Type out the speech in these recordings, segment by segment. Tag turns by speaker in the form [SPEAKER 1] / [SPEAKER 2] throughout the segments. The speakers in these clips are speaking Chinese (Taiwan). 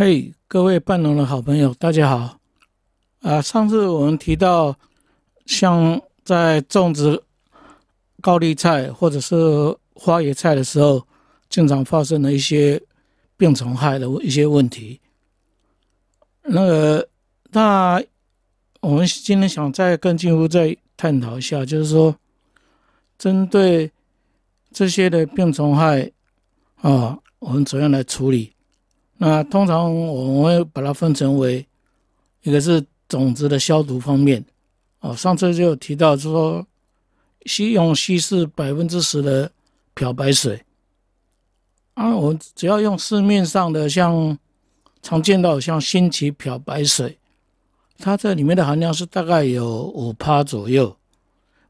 [SPEAKER 1] 嘿，hey, 各位半農的好朋友，大家好。啊，上次我們提到，像在種植高麗菜或者是花椰菜的時候，經常發生的一些病蟲害的一些問題。那個，那我們今天想再更進一步再探討一下，就是說，針對這些的病蟲害啊，我們怎樣來處理？那通常我們會把它分成為，一個是種子的消毒方面，哦，上次就有提到就說稀稀，稀用稀釋百分之十的漂白水，啊，我只要用市面上的像常見到像新奇漂白水，它這裡面的含量是大概有五趴左右，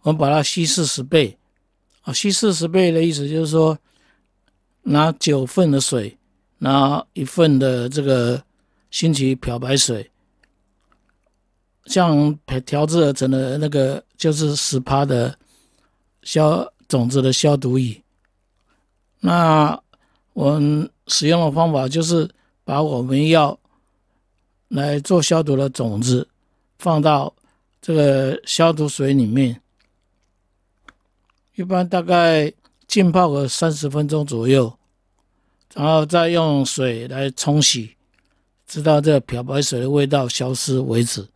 [SPEAKER 1] 我們把它稀釋十倍，啊，稀釋十倍的意思就是說，拿九份的水。拿一份的這個新奇漂白水，像調製而成的那個，就是十趴的消種子的消毒液。那我們使用的方法就是把我們要來做消毒的種子，放到這個消毒水裡面，一般大概浸泡個三十分鐘左右。然後再用水來沖洗，直到這個漂白水的味道消失為止，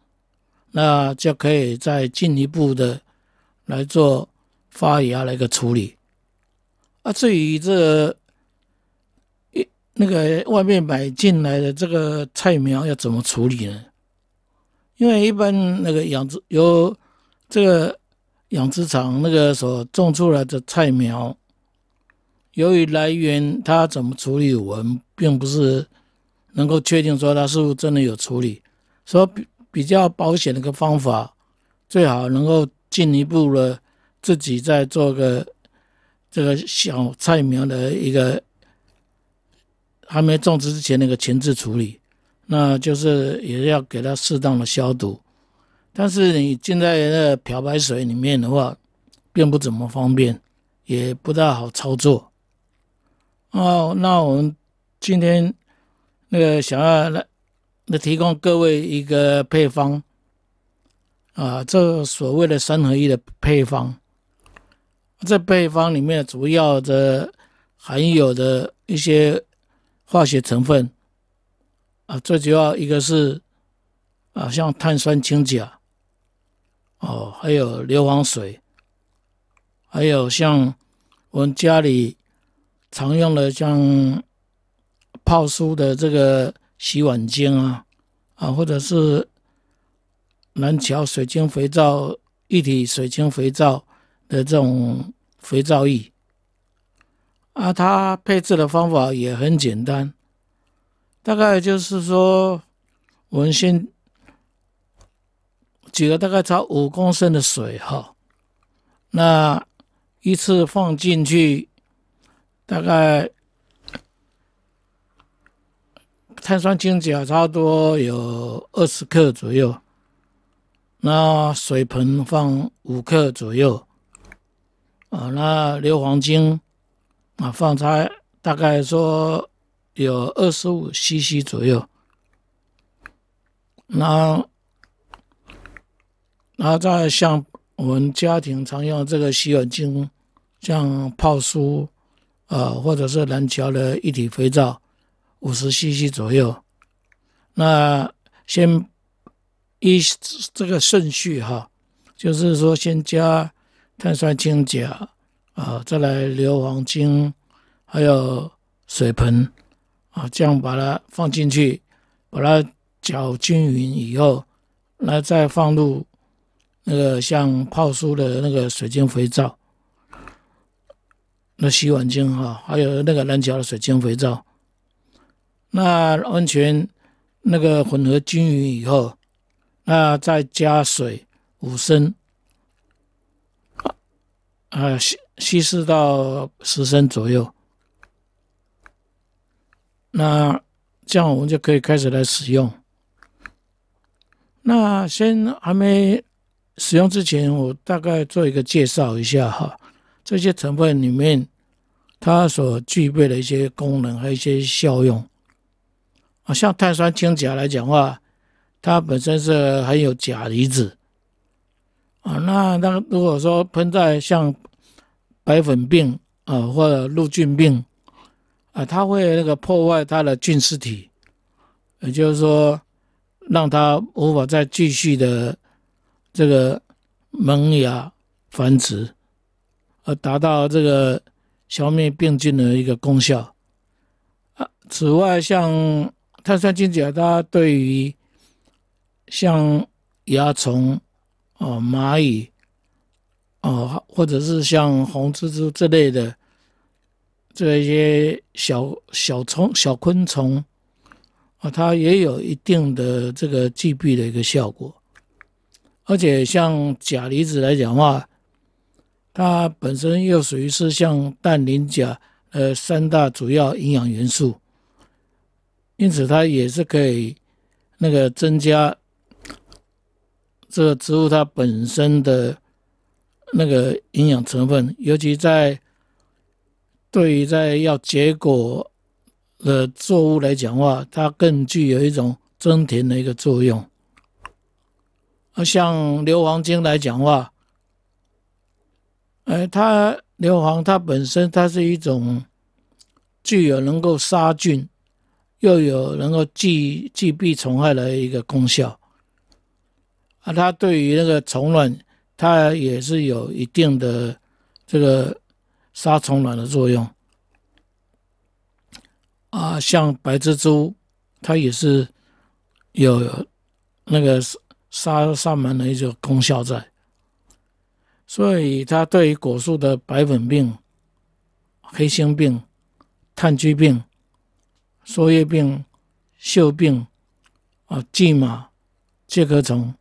[SPEAKER 1] 那就可以再進一步的來做發芽的一個處理。啊，至於這個，那個外面買進來的這個菜苗要怎麼處理呢？因為一般那個養殖由這個養殖場那個所種出來的菜苗。由於來源他怎麼處理，我們並不是能夠確定說他是不是真的有處理。所以比比較保險的一個方法，最好能夠進一步的自己再做個這個小菜苗的一個還沒種植之前那個前置處理，那就是也要給它適當的消毒。但是你浸在那個漂白水裡面的話，並不怎麼方便，也不大好操作。哦，那我們今天那個想要來提供各位一個配方啊，這個所謂的三合一的配方，這配方裡面主要的含有的一些化學成分啊，最主要一個是啊，像碳酸氫鉀哦，還有硫磺水，還有像我們家裡。常用的像泡舒的這個洗碗精啊，啊，或者是南僑水晶肥皂一體水晶肥皂的這種肥皂液，啊，它配置的方法也很簡單，大概就是說，我們先幾個大概超五公升的水哈、哦，那一次放進去。大概碳酸氫鉀差不多有二十克左右，那水盆放五克左右，啊，那硫磺精，啊，放它大概說有二十五 CC 左右，那，然後再像我們家庭常用這個洗碗精，像泡書。呃、啊，或者是南僑的一體肥皂，五十 CC 左右。那先依這個順序哈、啊，就是說先加碳酸氫鉀啊，再來硫磺精，還有水盆啊，這樣把它放進去，把它攪均勻以後，那再放入那個像泡蘇的那個水晶肥皂。那洗碗精哈，還有那個南僑的水晶肥皂，那完全那個混合均勻以後，那再加水五升，啊，稀稀釋到十升左右，那這樣我們就可以開始來使用。那先還沒使用之前，我大概做一個介紹一下哈，這些成分裡面。它所具備的一些功能和一些效用啊，像碳酸氫鉀來講的話，它本身是含有鉀離子啊。那那如果說噴在像白粉病啊或者露菌病啊，它會那個破壞它的菌絲體，也就是說讓它無法再繼續的這個萌芽繁殖，而達到這個。消滅病菌的一個功效啊。此外，像碳酸氫鉀，它對於像蚜蟲、哦螞蟻、哦或者是像紅蜘蛛之類的這一些小小蟲、小昆蟲啊，它也有一定的這個忌避的一個效果。而且，像鉀離子來講的話。它本身又屬於是像氮、磷、鉀，呃，三大主要營養元素，因此它也是可以那個增加這個植物它本身的那個營養成分，尤其在對於在要結果的作物來講的話，它更具有一種增甜的一個作用。而像硫磺精來講的話。哎、欸，它硫磺它本身它是一種具有能夠殺菌，又有能夠忌忌避蟲害的一個功效。啊，它對於那個蟲卵，它也是有一定的這個殺蟲卵的作用。啊，像白蜘蛛，它也是有那個殺殺蟎的一種功效在。所以它對於果樹的白粉病、黑星病、炭疽病、縮葉病、銹病啊、薊馬、介殼蟲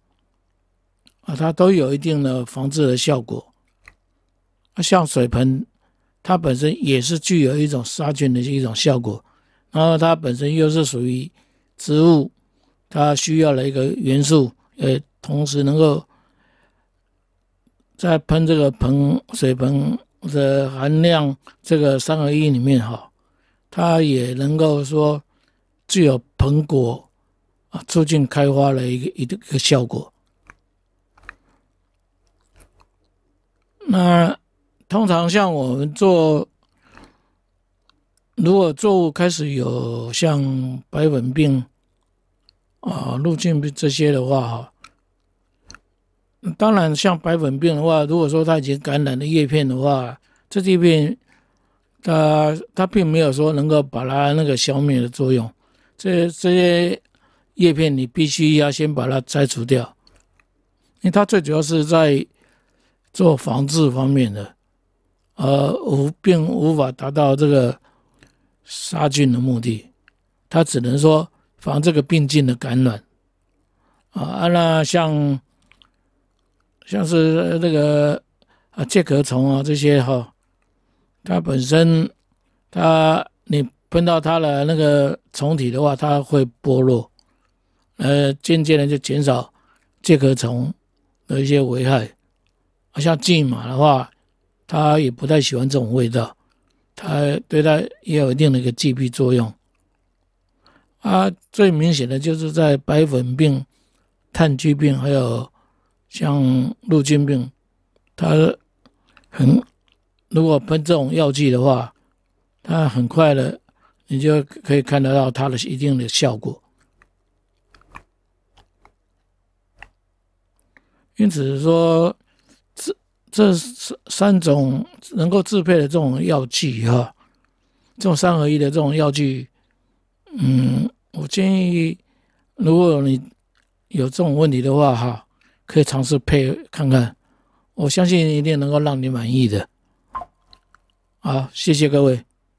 [SPEAKER 1] 啊，它都有一定的防治的效果、啊。像水盆，它本身也是具有一種殺菌的一種效果，然後它本身又是屬於植物，它需要的一個元素，呃，同時能夠。在噴這個硼水硼的含量，這個三合一裡面哈，它也能夠說具有膨果啊，促進開花的一個一個一個效果。那通常像我們做，如果作物開始有像白粉病啊、露菌病這些的話哈。當然，像白粉病的話，如果說它已經感染了葉片的話，這葉片它它並沒有說能夠把它那個消滅的作用。這這些葉片你必須要先把它摘除掉，因為它最主要是在做防治方面的，呃，無並無法達到這個殺菌的目的。它只能說防這個病菌的感染啊。那像像是那個啊介殼蟲啊這些哈，它本身它你噴到它的那個蟲體的話，它會剝落，呃，漸漸的就減少介殼蟲的一些危害。啊，像薊馬的話，它也不太喜歡這種味道，它對它也有一定的一個忌避作用。啊，最明顯的就是在白粉病、炭疽病還有。像露菌病，它很，如果噴這種藥劑的話，它很快的，你就可以看得到它的一定的效果。因此說，這這三三種能夠自配的這種藥劑哈，這種三合一的這種藥劑，嗯，我建議，如果你有這種問題的話哈。可以嘗試配看看，我相信一定能夠讓你滿意的。好，謝謝各位。